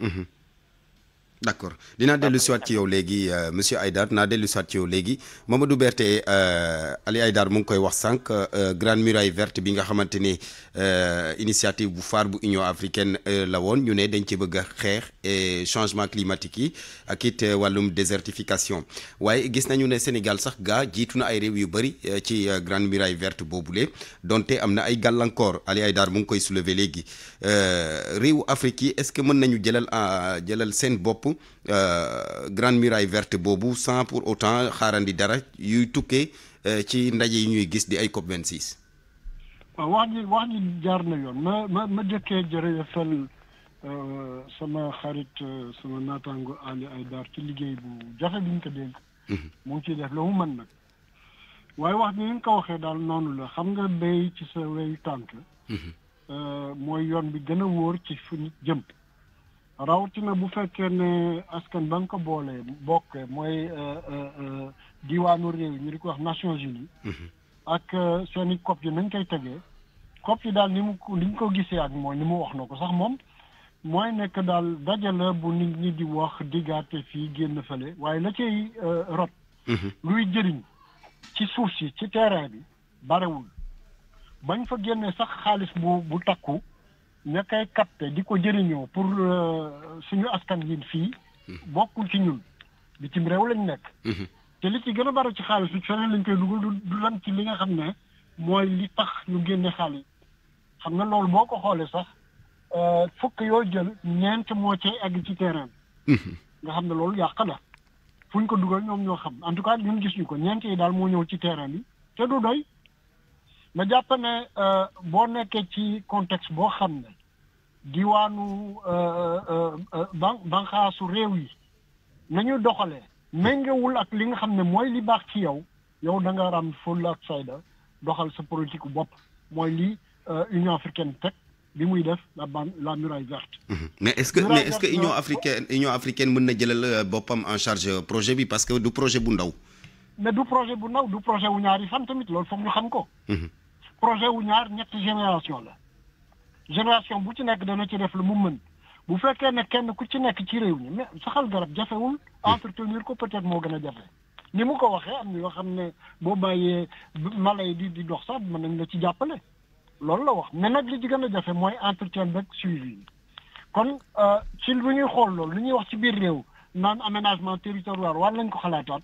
Mm-hmm. D'accord. dina delu ci wat ci yow legui euh, monsieur Aydar na delu si waat ci yow léegi Mamadou Berté euh, Ali Aydar mu koy wax sank euh, grande muraille verte bi nga xamanteni initiative bu phare bu Union africaine la won ñu né dañ ci bëgg a et changement climatique ak it walum désertification waye gis nañu né Sénégal sax ga jiitu na ay réew yu bari ci grande muraille verte bobulé donté amna na ay gàllankoor Ali Aydar mu koy soulever léegi réewu Afrique est ce que mën nañu jëlal jëlal sen bopp. topp euh, grande muraille verte boobu sans pour autant xaarandi dara yuy tukkee euh, ci ndaje yi ñuy gis di ay COP 26. waaw wax ji wax ji jaar na yoon ma ma ma jëkkee jërëjëfal euh, sama xarit sama naataango Ali Aydar ci liggéey bu jafe bi ñu ko dénk. Mhm. mu ngi ciy def lu mu mën nag. waaye wax bi nga ko waxee daal noonu la xam nga béy ci sa weyu tànk. Mhm. mooy yoon bi gën a wóor ci fu nit jëm. rawatina bu fekkee ne askan ba nga ko boolee bokkee mooy euh, euh, euh, diwaanu réew ñu di ko wax Nations Unies mhm. ak seen i COP yi nañ koy tegee COP yi daal ni mu li ñu ko gisee ak mooy ni mu wax na ko sax moom mooy nekk daal dajala bu nit ñi di wax diggaate fii génn fële waaye la cay rot mhm. luy jëriñ ci suuf si ci terrain bi barewul bañ fa génnee sax xaalis bu bu takku ña koy capté di ko jëriñoo pour euh, suñu askan wi fii mhm. bokkul ci ñun bitim réew lañ nekk mhm. te li ci gën a bari ci xaalis bi feneen lañ koy dugal du lan ci li nga xam ne mooy li tax ñu génne xaalis xam nga loolu boo ko xoolee sax euh, fukk yoo jël ñeent moo cay egg ci terrain mhm. nga xam ne loolu yàq na fu ñu ko dugal ñoom ñoo xam en tout cas ñun gis ñu ko ñeent yi daal moo ñëw ci terrain bi te du doy ma jàpp ne euh, boo nekkee ci contexte boo xam ne diwaanu euh, euh, ban banxaasu réew yi nañu doxalee méngewul ak li nga xam ne mooy li baax ci yow yow da nga ram fulla ak fayda doxal sa politique bopp mooy li Union africaine teg bi muy def la ban la muraille verte. Mhm. mais est-ce que mais est-ce que Union africaine oh. Union africaine mën na jëlal boppam en charge projet bi parce que du projet bu ndaw. mais du projet bu ndaw du projet wu ñaari fan tamit loolu foog ñu xam ko. Mhm. projet wu ñaar ñetti génération la génération bu ci nekk dana ci def lu mu mën bu fekkee ne kenn ku ci nekk ci réew ñi mais saxal garab jafewul entretenir ko peut-être moo gën a jafe ni mu ko waxee am na yoo xam ne boo bàyyee mala yi di di dox sax mën nañ la ci jàppale loolu la wax mais nag li ci gën a jafe mooy entretien beeg suivi kon ci lu ñuy xool loolu lu ñuy wax ci biir réew naan aménagement territorial war lañ ko xalaataat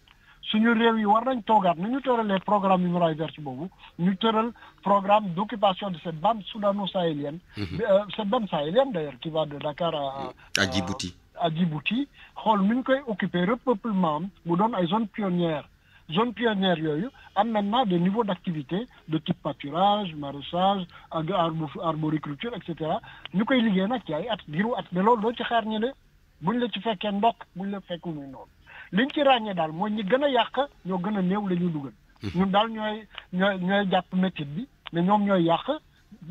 suñu réew yi war nañ toogaat nu ñu les programme human rights watch boobu ñu tëral programme d' occupation de cette bande soudano-sahélienne. Mhm. Euh, cette bande sahélienne d' ailleurs qui va de Dakar à. Mm. à Djibouti à Djibouti xool nu ñu koy occuper repeuplement am mu doon ay zones pionnières zones pionnières yooyu am maintenant des niveaux d' activité de type pâturage maraîchage arboriculture et cetera ñu koy liggéey nag ci ay at diru at mais loolu doo ci xaar ñu ne buñ la ci fekkee ndokk buñ la fekku muy noonu. liñ ci ràññee daal mooy ñi gën a yàq ñoo gën a néew lañuy dugal. Hmm. ñun daal ñooy ñooy jàpp métit bi mais ñoom ñooy yàq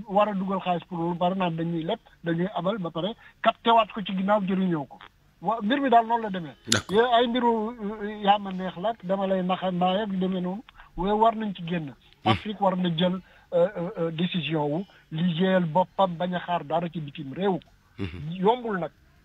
war a dugal xaalis pour loolu pare naan dañuy leb dañuy abal ba pare captewaat ko ci ginnaaw jëriñoo ko. waaw mbir mi daal noonu la demee. d'accord ay mbiru euh, euh, yaa ma neex la dama lay naxa naay ak demee noonu waaye war nañ ci génn. Hmm. Afrique war na jël euh, décision wu liggéeyal boppam bañ a xaar dara ci bitim réew. Hmm. yombul nag.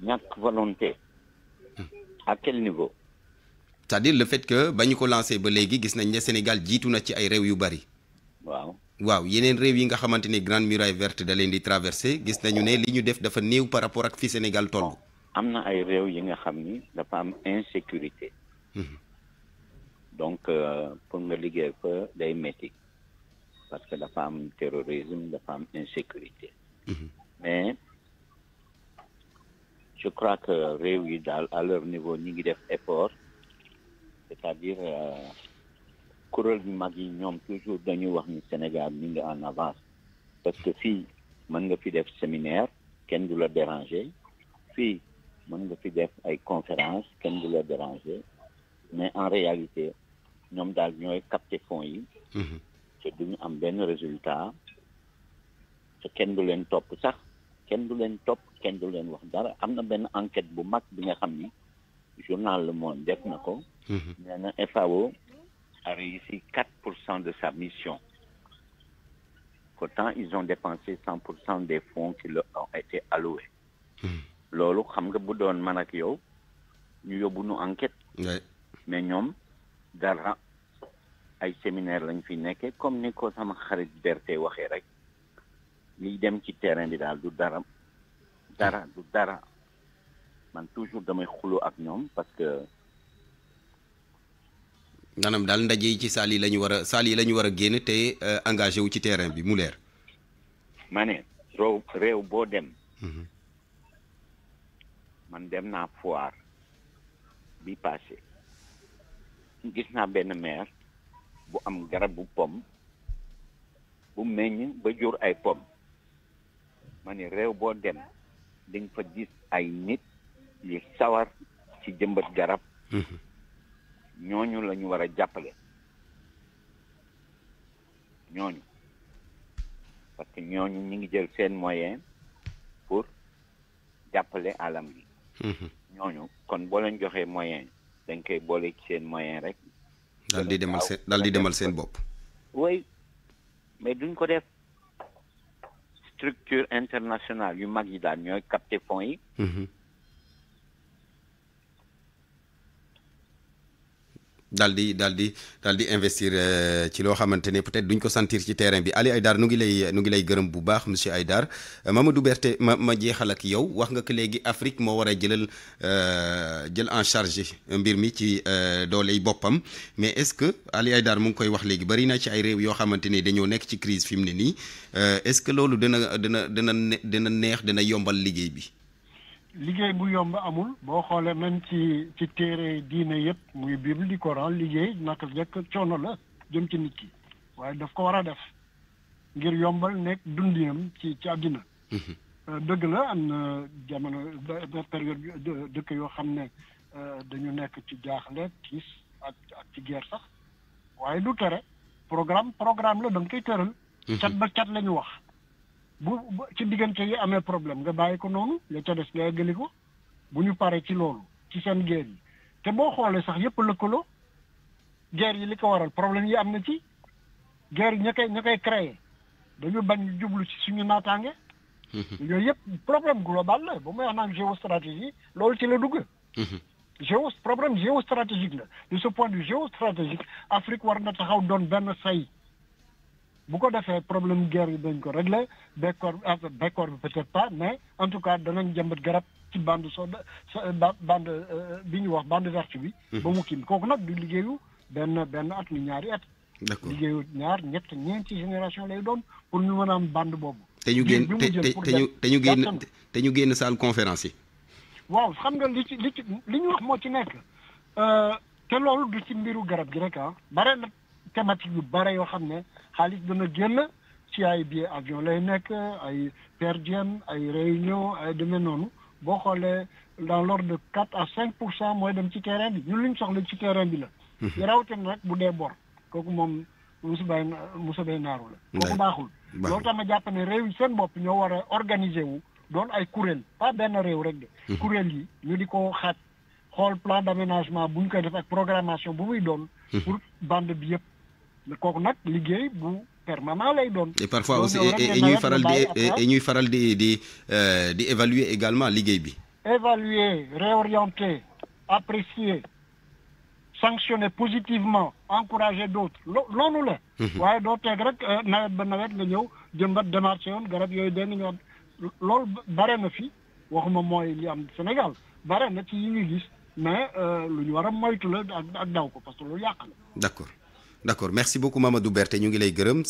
ñàkk volonté à quel niveau c'est-à-dire le fait que ba ko lancer ba légui gis nañ ne Sénégal jiitu na ci ay réew yu bari waaw waaw yenen réew yi nga xamanteni grande muraille verte da leen di traverser gis nañu né li ñu def dafa néew par rapport ak fi Sénégal toll amna ay réew yi nga xamni dafa am insécurité mhm. donc euh, pour nga liguer fa day métti parce que dafa am terrorisme dafa am insécurité mhm. mais je crois que Réoui, à leur niveau n'y ngi def effort c'est-à-dire euh, kuréel yu toujours dans le Sénégal nous sommes en avance parce que si nous nga fi def séminaire kenn du la déranger Si mën nga fi def ay conférence kenn du la déranger mais en réalité nous avons capté le fonds yi un bon un bon résultat C'est kenn du leen topp sax kenn du leen topp kenn du leen wax dara am na benn enquête bu mag bi nga xam ni journal Le Monde def na ko. Mhm. FAO a réussi 4 de sa mission. Pourtant, ils ont dépensé 100 des fonds qui leur ont été alloués. Mhm. loolu xam nga bu doon man ak yow ñu yóbbu nu enquête. mais ñoom dara ay séminaire lañ fi nekkee comme ni ko sama xarit Berthe waxee rek. liy dem ci terrain bi daal du dara dara du dara man toujours damay xuloo ak ñoom parce que. maanaam daal ndaje yi ci saal yi la ñu war a saal yi la ñu war a génn te euh, engagé wu ci terrain bi mu leer. ma ne réew boo dem. Mhm. man dem naa foire bi passé gis naa benn maire bu am garab bu pomme bu meññ ba jur ay pomme ma ni réew boo dem dañ nga fa gis ay nit yi sawar ci jëmbat garab mhm. ñooñu la ñu war a jàppale ñooñu parce que ñooñu ñu ngi jël seen moyen pour jàppale alam bi mhm. ñooñu kon boo leen joxee moyen dañ koy boole ci seen moyen rek daal di demal seen daal di demal seen bopp oui mais duñ ko def structure internationale yu mag yi daal ñooy capté fonds yi mhm. daldi daldi daldi investir euh, ci lo xamantene peut-être duñ ko sentir ci terrain bi Ali Aydar nu ngi lay nu ngi lay gëreum bu baax monsieur Aydar euh, Mamadou Berté ma jéxal ak yow wax nga que légui Afrique mo wara a jëlal euh, jël en charge mbir mi ci doley bopam mais est-ce que Ali Aydar mu ngi koy wax légui bari na ci ay réew yo xamantene dañu nekk ci crise fimné ni est-ce que loolu dana na de na neex dana yombal liggéey bi. liggéey bu yomb amul boo xoolee même ci ci téere diine yëpp muy bible di coran liggéey naka jëkk coono la jëm ci nit ki waaye daf ko war a def ngir yombal nekk dundinam ci ci àddina mhm. euh, dëgg la am na jamono période dëkk yoo xam ne euh, dañu nekk ci jaaxle tiis ak ak ci guerre sax waaye du tere programme programme la da koy tëral mhm. cat ba cat la wax bu ci diggante yi amee problème nga bàyyi ko noonu la ca des nga eggali ko bu ñu paree ci loolu ci seen guerre yi te boo xoolee sax yëpp lëkkaloo guerre yi li ko waral problème yi am na ci guerre yi ña koy ña koy créé dañu bañ jublu ci suñu naataange. Mhm. yooyu yëpp problème global la ba muy wax naan géostratégie loolu ci la dugg. Mhm. géo problème géostratégique la de ce point de vue géostratégique Afrique war na taxaw doon benn say bu ko defee problème guerre yi dañ ko réglé bekkoor bekkoor bi peut-être pas mais en tout cas danañ jëmbat garab ci bande so euh, bande euh, bi ñu wax bande verte bi. Mhm. ba mu kii kooku nag du liggéeyu benn benn at ni ñaari at. d'accord liggéeyu ñaar ñett ñeenti génération lay doon pour ñu mën a am bande boobu. te ñu génn te te ñu te ñu génn te ñu génn salle conférence yi. waaw xam nga li ci li ci li ñu wax moo ci nekk euh, te loolu du ci mbiru garab gi rek ah bare na thématique yu bare yoo xam ne xaalis dana génn ci ay billet avion lay nekk ay per diem ay réunion ay demee noonu boo xoolee dans l'ordre de quatre à cinq pour cent mooy dem ci terrain bi ñun luñ soxla ci terrain bi la mhm. rawatina rek bu dee bor kooku moom musu bay musu bay naaru la kooku baaxul loolu tax ma jàpp ne réew yi seen bopp ñoo war a organiser wu doon ay kuréel pas benn réew rek de mhm. kuréel yi ñu di ko xat xool plan d'aménagement bu ñu koy def ak programmation bu muy doon mhm. pour bi yëpp kooku nag liggéey bu permanent lay doon. et parfois aussi et ñuy faral di et ñuy faral di di euh, di évaluer également liggéey bi. évaluer réorienter apprécier sanctionner positivement encourager d'autres loolu la. Mhm. waaye doo teg rek euh, nawet ba nawet nga ñëw jëmbat démarché yoon garab yooyu dégg ñoo loolu bare na fi waxuma mooy li am Sénégal bare na ci yi ñuy gis mais euh, lu ñu war a moytu la ak daw ko parce que loolu yàq la. d'accord. d' accord merci beaucoup Mamadou Berthe ñu ngi lay gërëm